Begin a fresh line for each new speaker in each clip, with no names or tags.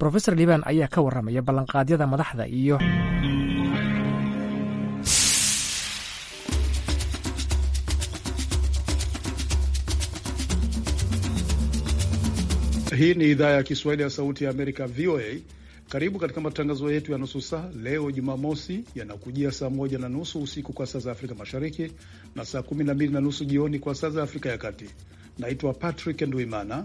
Profesor Liban ayaa ka waramaya ballanqaadyada madaxda iyo
Hii ni idhaa ya Kiswahili ya Sauti ya Amerika, VOA. Karibu katika matangazo yetu ya nusu saa leo Jumamosi, yanakujia saa moja na nusu usiku kwa saa za Afrika Mashariki na saa kumi na mbili na nusu jioni kwa saa za Afrika ya Kati. Naitwa Patrick Nduimana.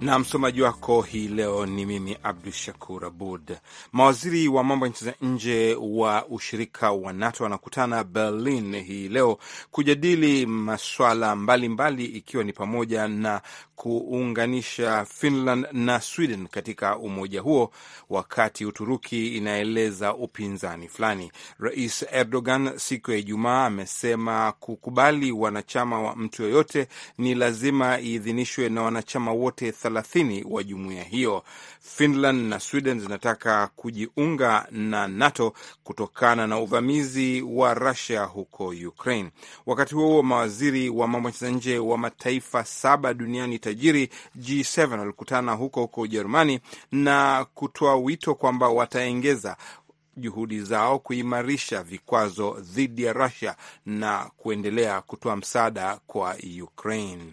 na msomaji wako hii leo ni mimi Abdu Shakur Abud. Mawaziri wa mambo ya nchi za nje wa ushirika wa NATO wanakutana Berlin hii leo kujadili maswala mbalimbali, ikiwa ni pamoja na kuunganisha Finland na Sweden katika umoja huo, wakati Uturuki inaeleza upinzani fulani. Rais Erdogan siku ya Ijumaa amesema kukubali wanachama wa mtu yoyote ni lazima iidhinishwe na wanachama wote thelathini wa jumuiya hiyo. Finland na Sweden zinataka kujiunga na NATO kutokana na uvamizi wa Rusia huko Ukraine. Wakati huo mawaziri wa mambo ya nje wa mataifa saba duniani tajiri G7 walikutana huko huko Ujerumani na kutoa wito kwamba wataengeza juhudi zao kuimarisha vikwazo dhidi ya Russia na kuendelea kutoa msaada kwa Ukraine.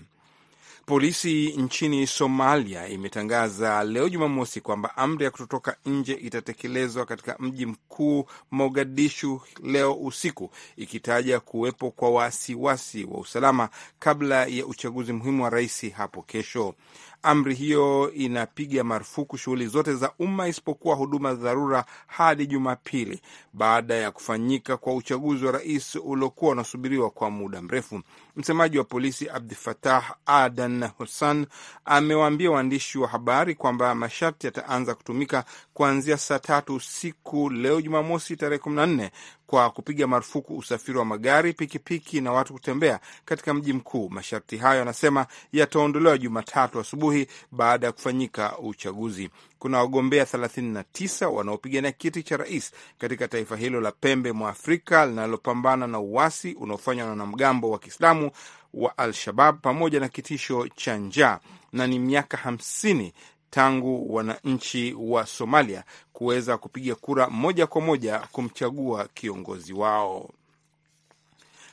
Polisi nchini Somalia imetangaza leo Jumamosi kwamba amri ya kutotoka nje itatekelezwa katika mji mkuu Mogadishu leo usiku, ikitaja kuwepo kwa wasiwasi wa usalama kabla ya uchaguzi muhimu wa rais hapo kesho. Amri hiyo inapiga marufuku shughuli zote za umma isipokuwa huduma za dharura hadi Jumapili baada ya kufanyika kwa uchaguzi wa rais uliokuwa unasubiriwa kwa muda mrefu. Msemaji wa polisi Abdi Fatah Adan Hussan amewaambia waandishi wa habari kwamba masharti yataanza kutumika kuanzia saa tatu usiku leo Jumamosi tarehe kumi na nne kwa kupiga marufuku usafiri wa magari, pikipiki piki na watu kutembea katika mji mkuu. Masharti hayo, anasema, yataondolewa Jumatatu asubuhi baada ya kufanyika uchaguzi kuna wagombea 39 wanaopigania kiti cha rais katika taifa hilo la pembe mwa Afrika linalopambana na uasi unaofanywa na wanamgambo wa Kiislamu wa Al-Shabab pamoja na kitisho cha njaa, na ni miaka 50 tangu wananchi wa Somalia kuweza kupiga kura moja kwa moja kumchagua kiongozi wao.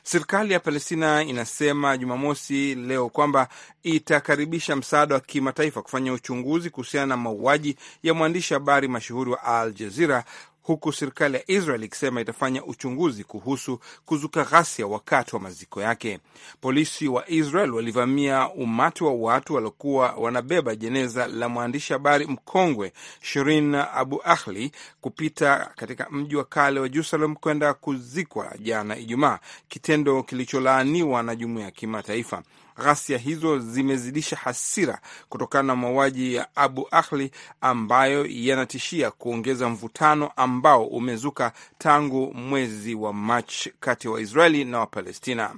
Serikali ya Palestina inasema Jumamosi leo kwamba itakaribisha msaada wa kimataifa kufanya uchunguzi kuhusiana na mauaji ya mwandishi habari mashuhuri wa Al Jazira huku serikali ya Israel ikisema itafanya uchunguzi kuhusu kuzuka ghasia wakati wa maziko yake. Polisi wa Israel walivamia umati wa watu waliokuwa wanabeba jeneza la mwandishi habari mkongwe Shirin Abu Akhli kupita katika mji wa kale wa Jerusalem kwenda kuzikwa jana Ijumaa, kitendo kilicholaaniwa na jumuiya ya kimataifa. Ghasia hizo zimezidisha hasira kutokana na mauaji ya Abu Akhli ambayo yanatishia kuongeza mvutano ambao umezuka tangu mwezi wa Machi kati ya wa Waisraeli na Wapalestina.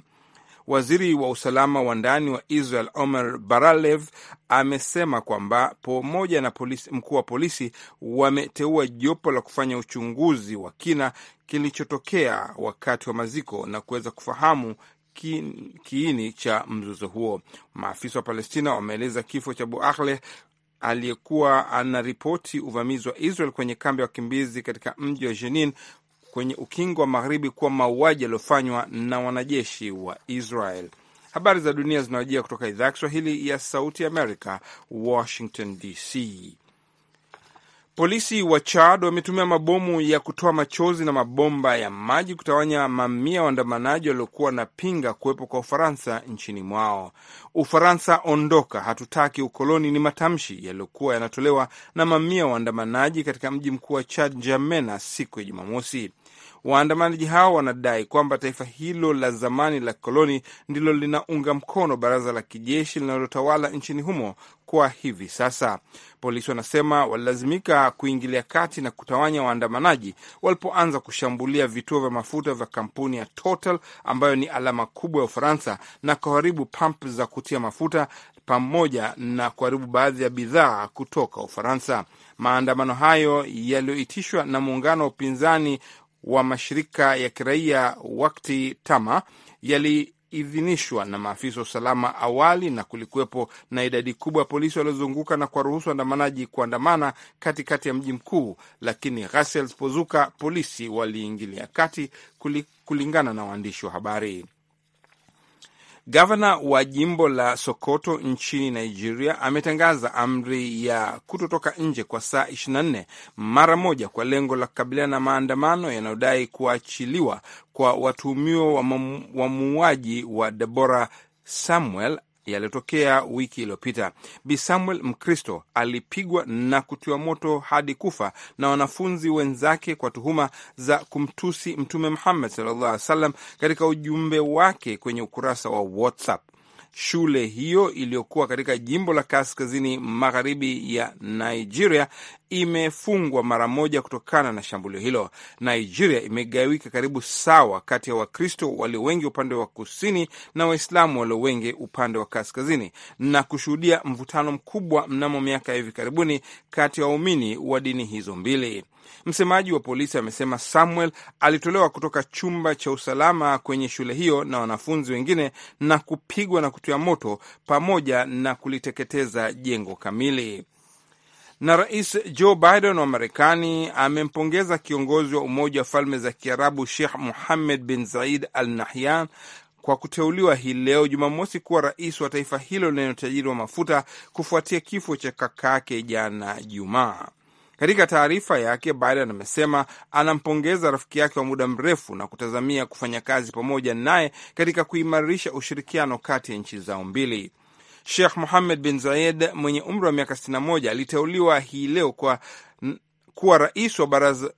Waziri wa usalama wa ndani wa Israel Omer Baralev amesema kwamba pamoja na polisi, mkuu wa polisi wameteua jopo la kufanya uchunguzi wa kina kilichotokea wakati wa maziko na kuweza kufahamu kiini cha mzozo huo. Maafisa wa Palestina wameeleza kifo cha Abu Akleh aliyekuwa anaripoti uvamizi wa Israel kwenye kambi ya wakimbizi katika mji wa Jenin kwenye ukingo wa magharibi kuwa mauaji yaliyofanywa na wanajeshi wa Israel. Habari za dunia zinawajia kutoka idhaa ya Kiswahili ya Sauti Amerika, Washington DC. Polisi wa Chad wametumia mabomu ya kutoa machozi na mabomba ya maji kutawanya mamia waandamanaji waliokuwa wanapinga kuwepo kwa Ufaransa nchini mwao. Ufaransa ondoka, hatutaki ukoloni, ni matamshi yaliyokuwa yanatolewa na mamia waandamanaji katika mji mkuu wa Chad, Njamena, siku ya Jumamosi. Waandamanaji hao wanadai kwamba taifa hilo la zamani la koloni ndilo linaunga mkono baraza la kijeshi linalotawala nchini humo kwa hivi sasa. Polisi wanasema walilazimika kuingilia kati na kutawanya waandamanaji walipoanza kushambulia vituo vya mafuta vya kampuni ya Total ambayo ni alama kubwa ya Ufaransa na kuharibu pump za kutia mafuta pamoja na kuharibu baadhi ya bidhaa kutoka Ufaransa. Maandamano hayo yaliyoitishwa na muungano wa upinzani wa mashirika ya kiraia wakti tama yaliidhinishwa na maafisa wa usalama awali, na kulikuwepo na idadi kubwa ya polisi waliozunguka na kuwaruhusu waandamanaji kuandamana katikati ya mji mkuu, lakini ghasia zilipozuka polisi waliingilia kati, kulingana na waandishi wa habari. Gavana wa jimbo la Sokoto nchini Nigeria ametangaza amri ya kutotoka nje kwa saa 24 mara moja kwa lengo la kukabiliana na maandamano yanayodai kuachiliwa kwa watuhumiwa wa muuaji wa Debora Samuel yaliyotokea wiki iliyopita. Bi Samuel Mkristo alipigwa na kutiwa moto hadi kufa na wanafunzi wenzake kwa tuhuma za kumtusi Mtume Muhammad sallallahu alaihi wasallam katika ujumbe wake kwenye ukurasa wa WhatsApp. Shule hiyo iliyokuwa katika jimbo la kaskazini magharibi ya Nigeria imefungwa mara moja kutokana na shambulio hilo. Nigeria imegawika karibu sawa kati ya Wakristo walio wengi upande wa kusini na Waislamu walio wengi upande wa kaskazini na kushuhudia mvutano mkubwa mnamo miaka ya hivi karibuni kati ya waumini wa dini hizo mbili. Msemaji wa polisi amesema Samuel alitolewa kutoka chumba cha usalama kwenye shule hiyo na wanafunzi wengine na kupigwa na kutia moto pamoja na kuliteketeza jengo kamili na Rais Joe Biden wa Marekani amempongeza kiongozi wa Umoja wa Falme za Kiarabu Sheikh Muhammed bin Zaid Al Nahyan kwa kuteuliwa hii leo Jumamosi kuwa rais wa taifa hilo lenye utajiri wa mafuta kufuatia kifo cha kaka yake jana Jumaa. Katika taarifa yake, Biden amesema anampongeza rafiki yake wa muda mrefu na kutazamia kufanya kazi pamoja naye katika kuimarisha ushirikiano kati ya nchi zao mbili. Sheikh muhamed bin Zayed mwenye umri wa miaka 61 aliteuliwa hii leo kwa kuwa rais wa baraza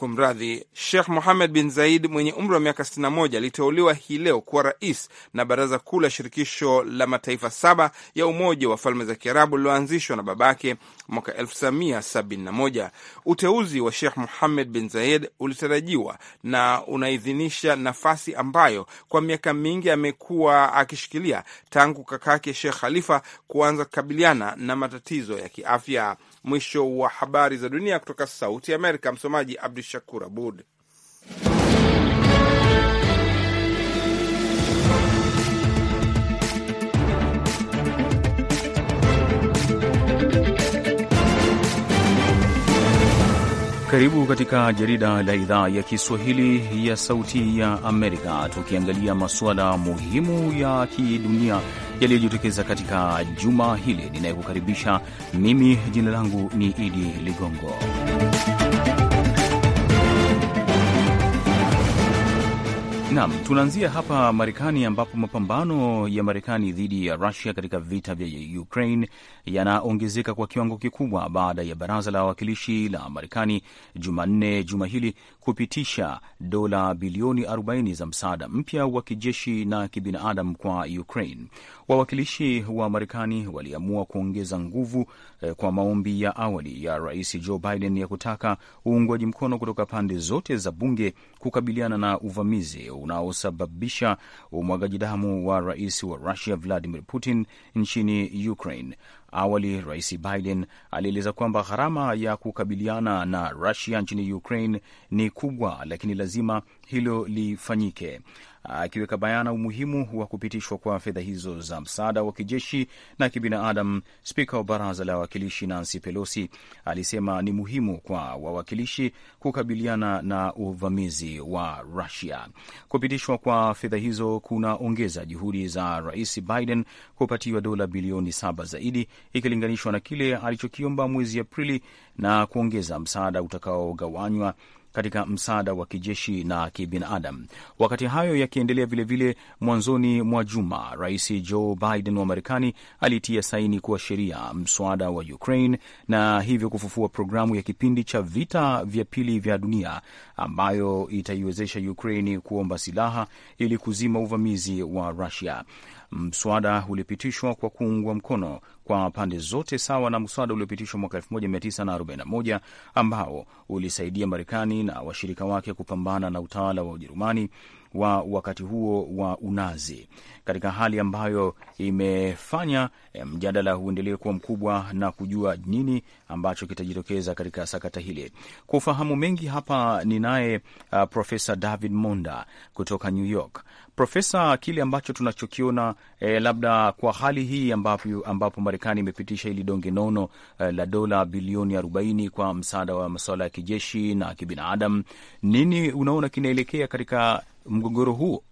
Kumradhi, Sheikh muhamed bin Zaid mwenye umri wa miaka 61 aliteuliwa hii leo kuwa rais na Baraza Kuu la Shirikisho la Mataifa saba ya Umoja wa Falme za Kiarabu lililoanzishwa na babake mwaka 1971. Uteuzi wa Sheikh muhamed bin Zaid ulitarajiwa na unaidhinisha nafasi ambayo kwa miaka mingi amekuwa akishikilia tangu kakake Sheikh Khalifa kuanza kukabiliana na matatizo ya kiafya. Mwisho wa habari za dunia kutoka Sauti ya Amerika. Msomaji Abdu Shakur Abud.
Karibu katika jarida la idhaa ya Kiswahili ya Sauti ya Amerika, tukiangalia masuala muhimu ya kidunia yaliyojitokeza katika juma hili. Ninayekukaribisha mimi, jina langu ni Idi Ligongo. Nam, tunaanzia hapa Marekani ambapo mapambano ya Marekani dhidi ya Rusia katika vita vya Ukraine yanaongezeka kwa kiwango kikubwa baada ya baraza la wawakilishi la Marekani Jumanne juma hili kupitisha dola bilioni 40 za msaada mpya wa kijeshi na kibinadamu kwa Ukraine. Wawakilishi wa Marekani waliamua kuongeza nguvu eh, kwa maombi ya awali ya Rais Joe Biden ya kutaka uungwaji mkono kutoka pande zote za bunge kukabiliana na uvamizi unaosababisha umwagaji damu wa rais wa Russia Vladimir Putin nchini Ukraine. Awali Rais Biden alieleza kwamba gharama ya kukabiliana na Rusia nchini Ukraine ni kubwa, lakini lazima hilo lifanyike akiweka bayana umuhimu wa kupitishwa kwa fedha hizo za msaada wa kijeshi na kibinadamu. Spika wa Baraza la Wawakilishi Nancy Pelosi alisema ni muhimu kwa wawakilishi kukabiliana na uvamizi wa Rusia. Kupitishwa kwa fedha hizo kunaongeza juhudi za Rais Biden kupatiwa dola bilioni saba zaidi ikilinganishwa na kile alichokiomba mwezi Aprili na kuongeza msaada utakaogawanywa katika msaada wa kijeshi na kibinadamu. Wakati hayo yakiendelea, vilevile, mwanzoni mwa juma, Rais Joe Biden wa Marekani alitia saini kuwa sheria mswada wa Ukraine na hivyo kufufua programu ya kipindi cha vita vya pili vya dunia ambayo itaiwezesha Ukraine kuomba silaha ili kuzima uvamizi wa Rusia. Mswada ulipitishwa kwa kuungwa mkono kwa pande zote, sawa na mswada uliopitishwa mwaka 1941 ambao ulisaidia Marekani na washirika wake kupambana na utawala wa Ujerumani wa wakati huo wa unazi, katika hali ambayo imefanya eh, mjadala uendelee kuwa mkubwa na kujua nini ambacho kitajitokeza katika sakata hili. Kwa ufahamu mengi hapa ninaye uh, Profesa David Monda kutoka New York. Profesa, kile ambacho tunachokiona eh, labda kwa hali hii ambapo, ambapo Marekani imepitisha hili donge nono eh, la dola bilioni 40 kwa msaada wa masuala ya kijeshi na kibinadamu, nini unaona kinaelekea katika mgogoro huo?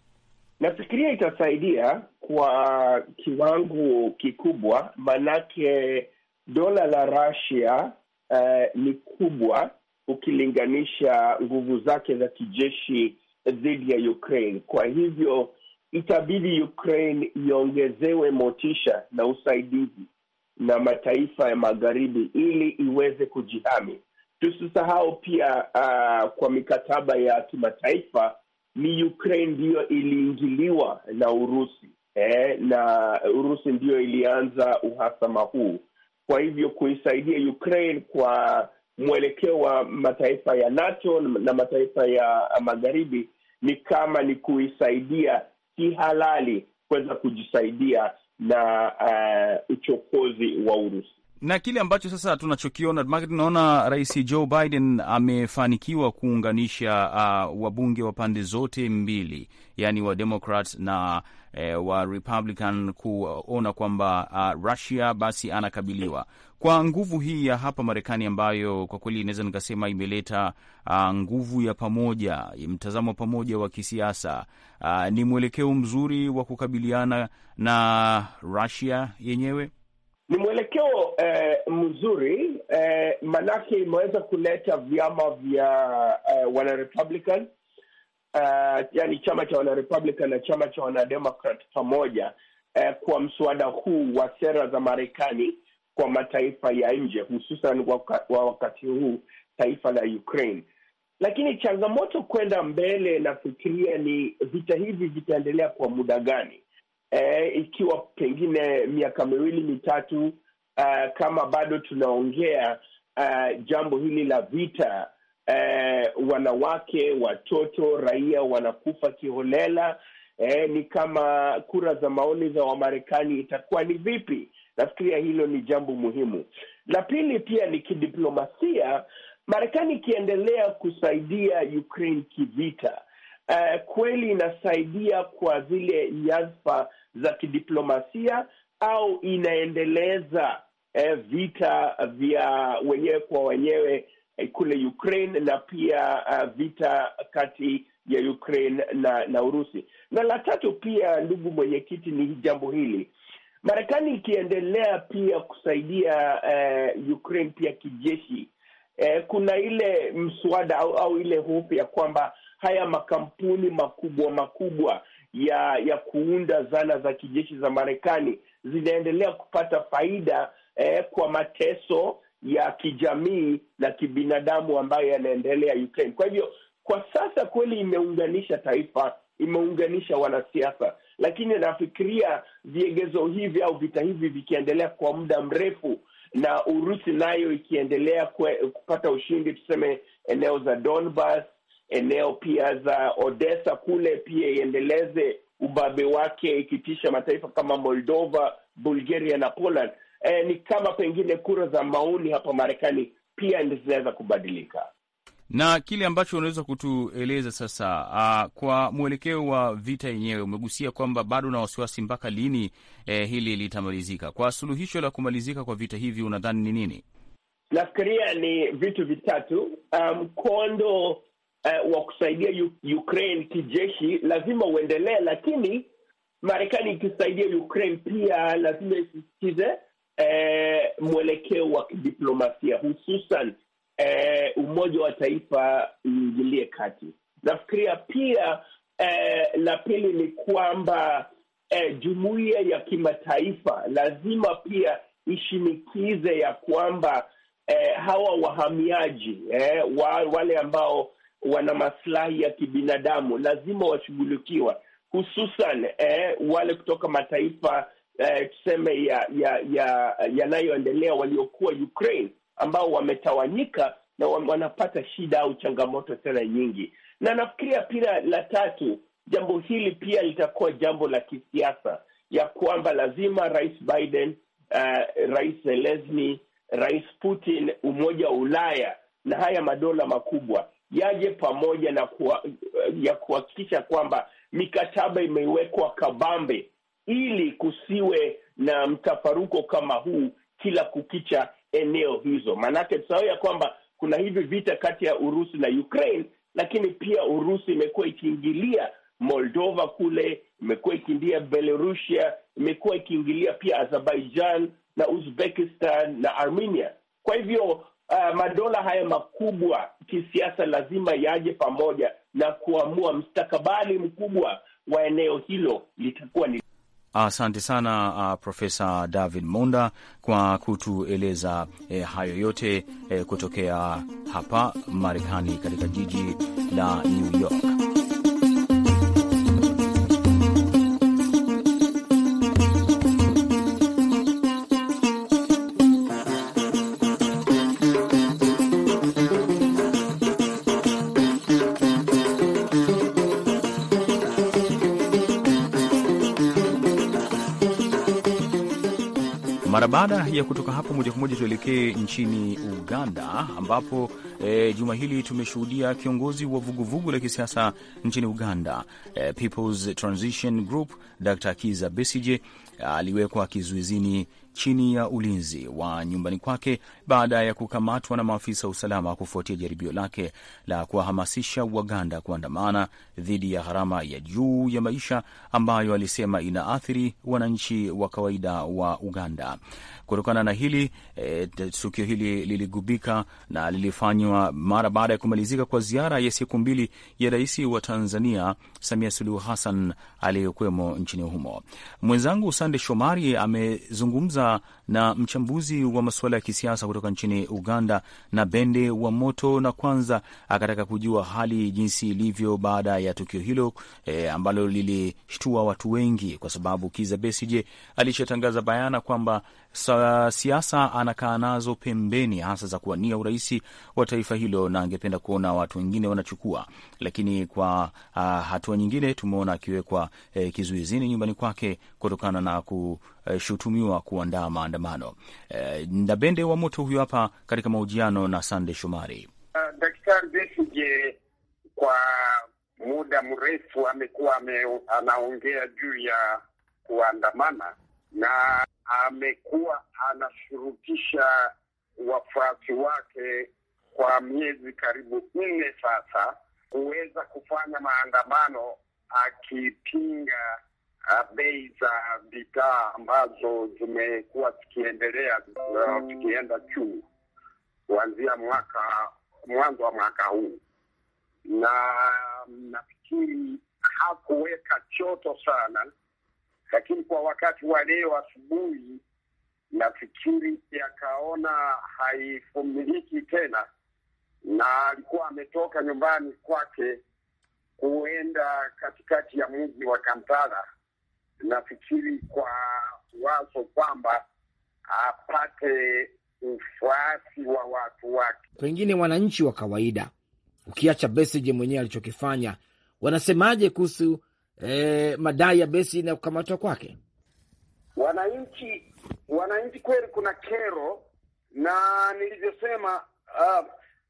Nafikiria itasaidia kwa kiwango kikubwa, manake dola la Russia uh, ni kubwa ukilinganisha nguvu zake za kijeshi dhidi ya Ukraine. Kwa hivyo itabidi Ukraine iongezewe motisha na usaidizi na mataifa ya magharibi ili iweze kujihami. Tusisahau pia uh, kwa mikataba ya kimataifa ni Ukraine ndiyo iliingiliwa na Urusi eh, na Urusi ndiyo ilianza uhasama huu. Kwa hivyo kuisaidia Ukraine kwa mwelekeo wa mataifa ya NATO na mataifa ya magharibi ni kama ni kuisaidia kihalali kuweza kujisaidia na uh, uchokozi wa Urusi
na kile ambacho sasa tunachokiona naona Rais Joe Biden amefanikiwa kuunganisha uh, wabunge wa pande zote mbili, yani wa Democrat na eh, wa Republican kuona kwamba uh, Russia basi anakabiliwa kwa nguvu hii ya hapa Marekani, ambayo kwa kweli inaweza nikasema imeleta uh, nguvu ya pamoja, mtazamo wa pamoja wa kisiasa. Uh, ni mwelekeo mzuri wa kukabiliana na Russia yenyewe.
Ni mwelekeo eh, mzuri eh, manake imeweza kuleta vyama vya eh, wanarepublican eh, yani chama cha wanarepublican na chama cha wanademokrat pamoja eh, kwa mswada huu wa sera za Marekani kwa mataifa ya nje, hususan wa wakati huu taifa la Ukraine. Lakini changamoto kwenda mbele, nafikiria ni vita hivi vitaendelea kwa muda gani? eh, ikiwa pengine miaka miwili mitatu, uh, kama bado tunaongea uh, jambo hili la vita uh, wanawake, watoto, raia wanakufa kiholela eh, ni kama kura za maoni za Wamarekani itakuwa ni vipi? Nafikiria hilo ni jambo muhimu. La pili pia ni kidiplomasia, Marekani ikiendelea kusaidia Ukraine kivita uh, kweli inasaidia kwa zile nyadhifa za kidiplomasia au inaendeleza uh, vita vya wenyewe kwa wenyewe uh, kule Ukraine na pia uh, vita kati ya Ukraine na, na Urusi. Na la tatu pia, ndugu mwenyekiti, ni jambo hili Marekani ikiendelea pia kusaidia uh, Ukraine pia kijeshi uh, kuna ile mswada au, au ile hofu ya kwamba haya makampuni makubwa makubwa ya ya kuunda zana za kijeshi za Marekani zinaendelea kupata faida eh, kwa mateso ya kijamii na kibinadamu ambayo yanaendelea Ukraine. Kwa hivyo kwa sasa kweli imeunganisha taifa, imeunganisha wanasiasa, lakini nafikiria viegezo hivi au vita hivi vikiendelea kwa muda mrefu na Urusi nayo ikiendelea kwe, kupata ushindi tuseme eneo za Donbas eneo pia za Odessa kule pia iendeleze ubabe wake ikitisha mataifa kama Moldova, Bulgaria na Poland. E, ni kama pengine kura za maoni hapa Marekani pia zinaweza kubadilika
na kile ambacho unaweza kutueleza sasa, uh, kwa mwelekeo wa vita yenyewe, umegusia kwamba bado na wasiwasi mpaka lini eh, hili litamalizika. Kwa suluhisho la kumalizika kwa vita hivi, unadhani ni nini?
Nafikiria ni vitu vitatu. Mkondo um, eh, wa kusaidia Ukraine kijeshi lazima uendelee, lakini Marekani ikisaidia Ukraine pia lazima isisitize eh, mwelekeo wa kidiplomasia hususan eh, Umoja wa Taifa uingilie kati. Nafikiria pia eh, la pili ni kwamba eh, jumuiya ya kimataifa lazima pia ishinikize ya kwamba eh, hawa wahamiaji eh, wa, wale ambao wana maslahi ya kibinadamu, lazima washughulikiwa, hususan eh, wale kutoka mataifa eh, tuseme ya yanayoendelea ya, ya waliokuwa Ukraine ambao wametawanyika na wanapata shida au changamoto tena nyingi. Na nafikiria pia, la tatu, jambo hili pia litakuwa jambo la kisiasa ya kwamba lazima Rais Biden, uh, Rais Zelensky, Rais Putin, Umoja wa Ulaya na haya madola makubwa yaje pamoja na kuwa, ya kuhakikisha kwamba mikataba imewekwa kabambe ili kusiwe na mtafaruko kama huu kila kukicha eneo hizo. Maanake tusahau ya kwamba kuna hivi vita kati ya Urusi na Ukraine, lakini pia Urusi imekuwa ikiingilia Moldova kule, imekuwa ikiingilia Belarusia, imekuwa ikiingilia pia Azerbaijan na Uzbekistan na Armenia. Kwa hivyo uh, madola haya makubwa kisiasa lazima yaje pamoja na kuamua mstakabali mkubwa wa eneo hilo litakuwa ni
Asante sana uh, ah, Profesa David Monda kwa kutueleza eh, hayo yote eh, kutokea hapa Marekani katika jiji la New York. Baada ya kutoka hapo, moja kwa moja tuelekee nchini Uganda ambapo e, juma hili tumeshuhudia kiongozi wa vuguvugu la kisiasa nchini Uganda e, People's Transition Group Dr. Kiza Besije aliwekwa kizuizini chini ya ulinzi wa nyumbani kwake baada ya kukamatwa na maafisa wa usalama kufuatia jaribio lake la kuwahamasisha Waganda kuandamana dhidi ya gharama ya juu ya maisha ambayo alisema inaathiri wananchi wa kawaida wa Uganda. Kutokana na hili e, tukio hili liligubika na lilifanywa mara baada ya kumalizika kwa ziara ya siku mbili ya rais wa Tanzania Samia Suluhu Hassan aliyokwemo nchini humo. Mwenzangu Sande Shomari amezungumza na mchambuzi wa masuala ya kisiasa kutoka nchini Uganda na Bende wa Moto, na kwanza akataka kujua hali jinsi ilivyo baada ya tukio hilo e, ambalo lilishtua watu wengi, kwa sababu Kiza Besije alishatangaza bayana kwamba siasa anakaa nazo pembeni, hasa za kuwania uraisi wa taifa hilo, na angependa kuona watu wengine wanachukua. Lakini kwa uh, hatua nyingine tumeona akiwekwa eh, kizuizini nyumbani kwake kutokana na kushutumiwa eh, kuandaa maandamano. Eh, Ndabende wa Moto huyu hapa katika mahojiano na Sande Shomari.
Uh, ah, Daktari Besigye kwa muda mrefu amekuwa anaongea juu ya kuandamana na amekuwa anashurutisha wafuasi wake kwa miezi karibu nne sasa kuweza kufanya maandamano akipinga uh, bei za bidhaa ambazo zimekuwa zikiendelea uh, mm. zikienda juu kuanzia mwaka mwanzo wa mwaka huu, na nafikiri hakuweka choto sana lakini kwa wakati wa leo asubuhi, nafikiri akaona haifumiliki tena, na alikuwa ametoka nyumbani kwake kuenda katikati ya mji wa Kampala, nafikiri kwa wazo kwamba apate ufuasi wa watu wake. Pengine wananchi wa kawaida, ukiacha Besigye mwenyewe alichokifanya, wanasemaje kuhusu eh, madai ya Besi na kukamatwa kwake. Wananchi wananchi, kweli kuna kero, na nilivyosema, uh,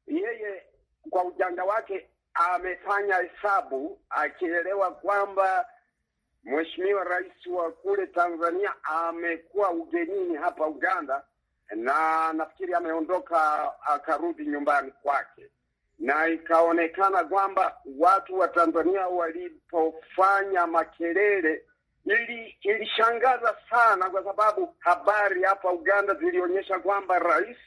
yeye kwa ujanja wake amefanya hesabu akielewa kwamba Mheshimiwa Rais wa kule Tanzania amekuwa ugenini hapa Uganda, na nafikiri ameondoka akarudi nyumbani kwake na ikaonekana kwamba watu wa Tanzania walipofanya makelele ili, ilishangaza sana kwa sababu habari hapa Uganda zilionyesha kwamba rais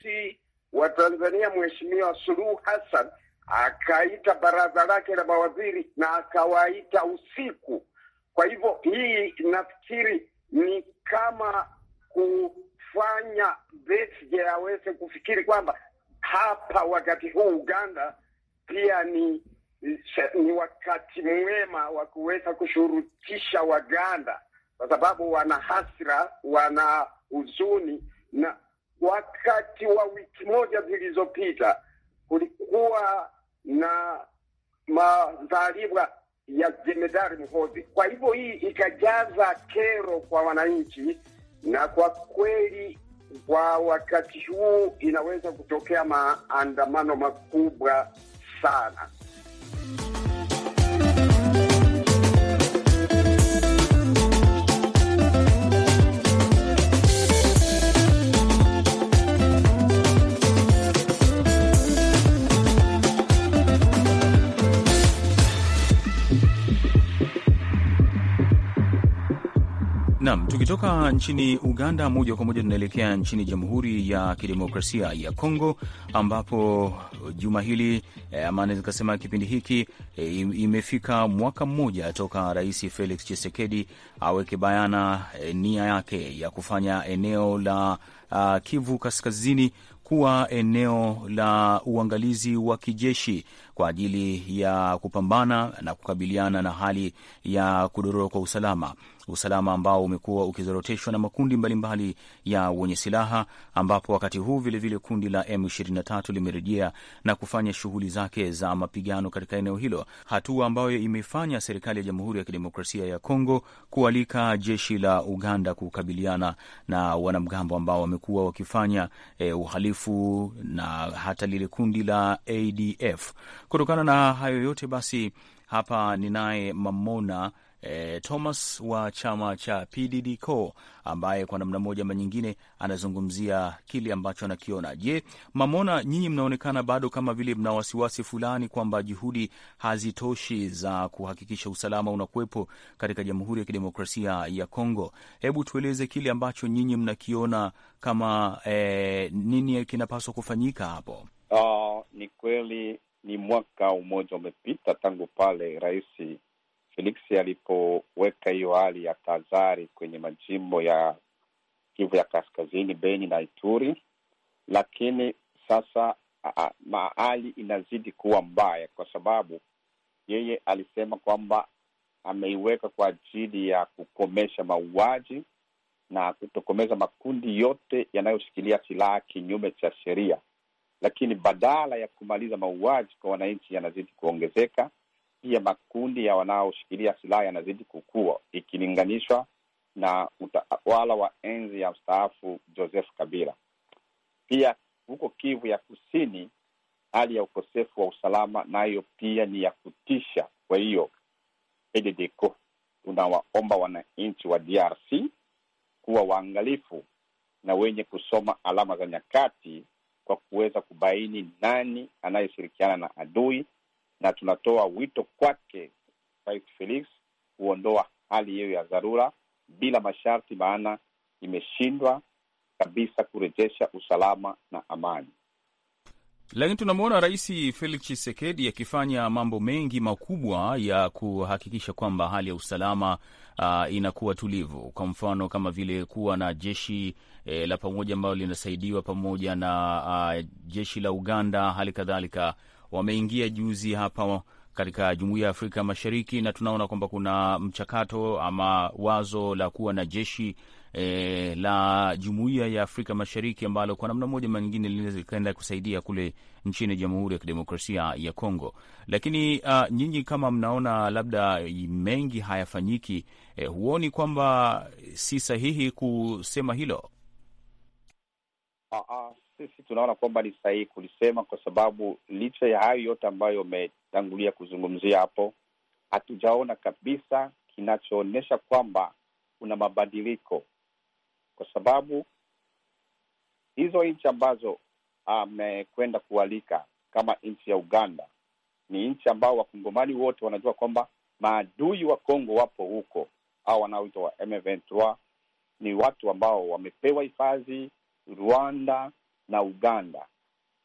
wa Tanzania Mheshimiwa Suluhu Hassan akaita baraza lake la mawaziri na akawaita usiku. Kwa hivyo hii nafikiri ni kama kufanya Besigye aweze kufikiri kwamba hapa wakati huu Uganda pia ni ni wakati mwema wa kuweza kushurutisha Waganda kwa sababu wana hasira, wana huzuni. Na wakati wa wiki moja zilizopita kulikuwa na madhariba ya jemedari Muhozi. Kwa hivyo hii ikajaza kero kwa wananchi, na kwa kweli kwa wakati huu inaweza kutokea maandamano makubwa sana.
Nam, tukitoka nchini Uganda moja kwa moja tunaelekea nchini Jamhuri ya Kidemokrasia ya Kongo, ambapo juma hili eh, ama naweza kasema kipindi hiki eh, imefika mwaka mmoja toka Rais Felix Tshisekedi aweke bayana eh, nia yake ya kufanya eneo la a, ah, Kivu Kaskazini kuwa eneo la uangalizi wa kijeshi kwa ajili ya kupambana na kukabiliana na hali ya kudorora kwa usalama usalama ambao umekuwa ukizoroteshwa na makundi mbalimbali mbali ya wenye silaha, ambapo wakati huu vilevile vile kundi la M23 limerejea na kufanya shughuli zake za mapigano katika eneo hilo, hatua ambayo imefanya serikali ya Jamhuri ya Kidemokrasia ya Kongo kualika jeshi la Uganda kukabiliana na wanamgambo ambao wamekuwa wakifanya eh, uhalifu na hata lile kundi la ADF. Kutokana na hayo yote basi, hapa ninaye Mamona e, Thomas wa chama cha PDDCO ambaye kwa namna moja ama nyingine anazungumzia kile ambacho anakiona. Je, Mamona, nyinyi mnaonekana bado kama vile mna wasiwasi fulani kwamba juhudi hazitoshi za kuhakikisha usalama unakuwepo katika Jamhuri ya Kidemokrasia ya Kongo. Hebu tueleze kile ambacho nyinyi mnakiona kama e, nini kinapaswa kufanyika hapo?
Uh, ni kweli ni mwaka umoja umepita tangu pale rais Felix alipoweka hiyo hali ya tahadhari kwenye majimbo ya Kivu ya Kaskazini, Beni na Ituri, lakini sasa hali inazidi kuwa mbaya, kwa sababu yeye alisema kwamba ameiweka kwa ajili ya kukomesha mauaji na kutokomeza makundi yote yanayoshikilia silaha kinyume cha sheria, lakini badala ya kumaliza mauaji kwa wananchi yanazidi kuongezeka pia makundi ya wanaoshikilia silaha yanazidi kukua ikilinganishwa na utawala wa enzi ya mstaafu Joseph Kabila. Pia huko Kivu ya Kusini, hali ya ukosefu wa usalama nayo pia ni ya kutisha. Kwa hiyo EDEDECO tunawaomba wananchi wa DRC kuwa waangalifu na wenye kusoma alama za nyakati kwa kuweza kubaini nani anayeshirikiana na adui na tunatoa wito kwake Rais Felix kuondoa hali hiyo ya dharura bila masharti, maana imeshindwa kabisa kurejesha usalama na amani.
Lakini tunamwona Rais Felix chisekedi akifanya mambo mengi makubwa ya kuhakikisha kwamba hali ya usalama uh, inakuwa tulivu. Kwa mfano kama vile kuwa na jeshi eh, la pamoja ambalo linasaidiwa pamoja na uh, jeshi la Uganda, hali kadhalika wameingia juzi hapa katika jumuiya ya Afrika Mashariki, na tunaona kwamba kuna mchakato ama wazo la kuwa na jeshi e, la jumuiya ya Afrika Mashariki ambalo kwa namna moja manyingine linaweza likaenda kusaidia kule nchini Jamhuri ya Kidemokrasia ya Kongo. Lakini uh, nyinyi kama mnaona labda mengi hayafanyiki, e, huoni kwamba si sahihi kusema hilo?
Uh, uh, sisi tunaona kwamba ni sahihi kulisema, kwa sababu licha ya hayo yote ambayo umetangulia kuzungumzia hapo, hatujaona kabisa kinachoonyesha kwamba kuna mabadiliko, kwa sababu hizo nchi ambazo ah, amekwenda kualika kama nchi ya Uganda ni nchi ambao wakongomani wote wanajua kwamba maadui wa Kongo wapo huko, au wanaoitwa wa M23 ni watu ambao wamepewa hifadhi Rwanda na Uganda.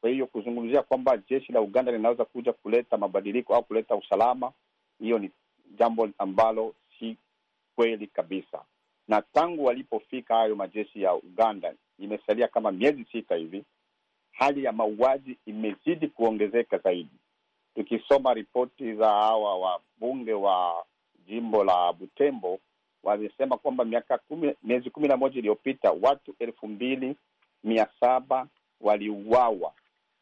Kwa hiyo kuzungumzia kwamba jeshi la Uganda linaweza kuja kuleta mabadiliko au kuleta usalama, hiyo ni jambo ambalo si kweli kabisa. Na tangu walipofika hayo majeshi ya Uganda, imesalia kama miezi sita hivi, hali ya mauaji imezidi kuongezeka zaidi. Tukisoma ripoti za hawa wabunge wa jimbo la Butembo, wamesema kwamba miaka kumi, miezi kumi na moja iliyopita watu elfu mbili mia saba waliuawa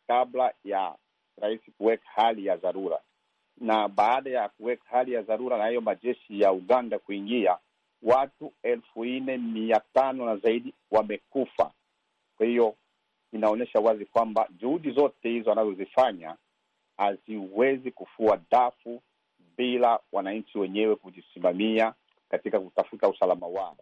kabla ya rais kuweka hali ya dharura, na baada ya kuweka hali ya dharura na hayo majeshi ya Uganda kuingia, watu elfu nne mia tano na zaidi wamekufa. Kwa hiyo inaonyesha wazi kwamba juhudi zote hizo anazozifanya haziwezi kufua dafu bila wananchi wenyewe kujisimamia katika kutafuta usalama wao.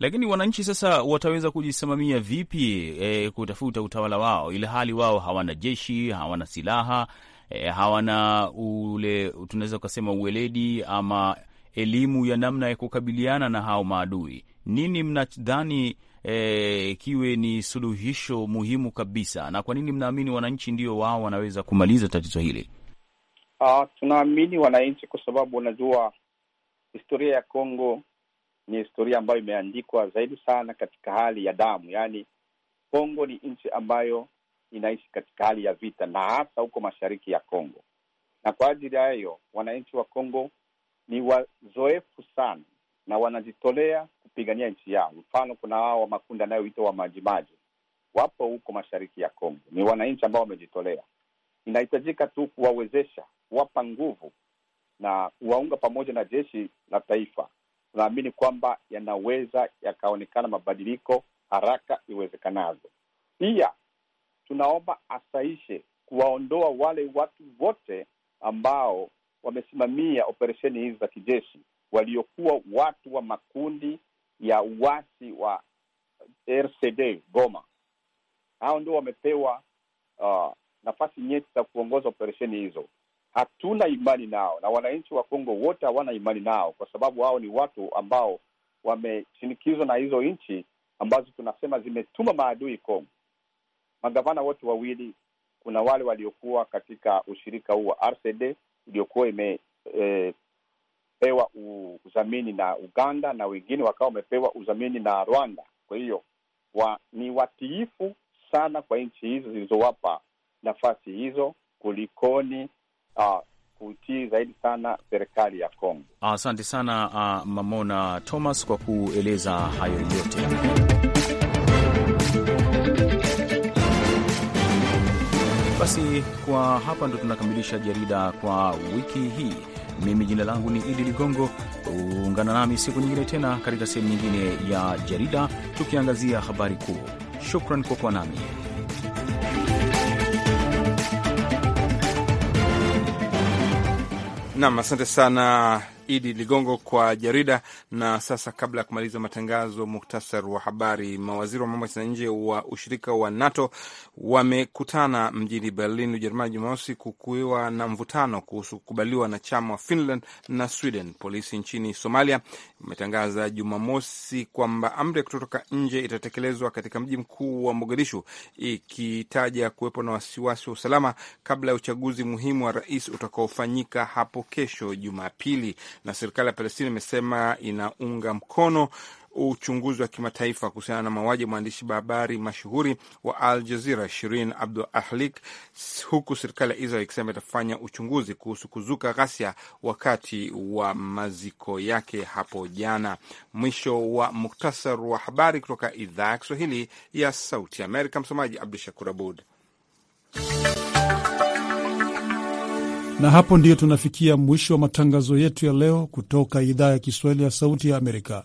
Lakini wananchi sasa wataweza kujisimamia vipi e, kutafuta utawala wao, ili hali wao hawana jeshi, hawana silaha e, hawana ule tunaweza ukasema uweledi ama elimu ya namna ya kukabiliana na hao maadui. Nini mnadhani e, kiwe ni suluhisho muhimu kabisa, na kwa nini mnaamini wananchi ndio wao wanaweza kumaliza tatizo hili?
Uh, tunaamini wananchi kwa sababu unajua historia ya Kongo ni historia ambayo imeandikwa zaidi sana katika hali ya damu. Yaani, Kongo ni nchi ambayo inaishi katika hali ya vita, na hasa huko mashariki ya Kongo. Na kwa ajili ya hiyo, wananchi wa Kongo ni wazoefu sana na wanajitolea kupigania nchi yao. Mfano, kuna wao makundi anayoitwa wa Majimaji, wapo huko mashariki ya Kongo. Ni wananchi ambao wamejitolea. Inahitajika tu kuwawezesha, kuwapa nguvu na kuwaunga pamoja na jeshi la taifa tunaamini kwamba yanaweza yakaonekana mabadiliko haraka iwezekanavyo. Pia tunaomba asaishe kuwaondoa wale watu wote ambao wamesimamia operesheni hizi za kijeshi waliokuwa watu wa makundi ya uasi wa RCD Goma. Hao ndio wamepewa uh, nafasi nyeti za kuongoza operesheni hizo hatuna imani nao, na wananchi wa Kongo wote hawana imani nao, kwa sababu hao ni watu ambao wameshinikizwa na hizo nchi ambazo tunasema zimetuma maadui Kongo. Magavana wote wawili, kuna wale waliokuwa katika ushirika huu wa RCD iliyokuwa imepewa e, udhamini na Uganda na wengine wakawa wamepewa udhamini na Rwanda. Kwa hiyo wa, ni watiifu sana kwa nchi hizo zilizowapa nafasi hizo kulikoni uh, kutii zaidi sana serikali
ya Kongo. Asante sana uh, Mamona Thomas kwa kueleza hayo yote. Basi kwa hapa ndo tunakamilisha jarida kwa wiki hii. Mimi jina langu ni Idi Ligongo. Ungana nami siku nyingine tena katika sehemu nyingine ya jarida tukiangazia habari kuu. Shukran kwa kuwa nami. Nam, asante sana
Idi Ligongo kwa jarida. Na sasa kabla ya kumaliza matangazo, muktasar wa habari. Mawaziri wa mambo ya nje wa ushirika wa NATO wamekutana mjini Berlin, Ujerumani Jumamosi, kukiwa na mvutano kuhusu kukubaliwa chama wa Finland na Sweden. Polisi nchini Somalia imetangaza Jumamosi kwamba amri ya kutotoka nje itatekelezwa katika mji mkuu wa Mogadishu, ikitaja kuwepo na wasiwasi wa usalama kabla ya uchaguzi muhimu wa rais utakaofanyika hapo kesho Jumapili. Na serikali ya Palestina imesema inaunga mkono uchunguzi wa kimataifa kuhusiana na mauaji ya mwandishi habari mashuhuri wa Al Jazira Shirin Abdul Ahlik, huku serikali ya Israel ikisema itafanya uchunguzi kuhusu kuzuka ghasia wakati wa maziko yake hapo jana. Mwisho wa muktasar wa habari kutoka idhaa ya Kiswahili ya Sauti Amerika. Msomaji Abdu Shakur Abud.
Na hapo ndiyo tunafikia mwisho wa matangazo yetu ya leo kutoka idhaa ya Kiswahili ya Sauti ya Amerika.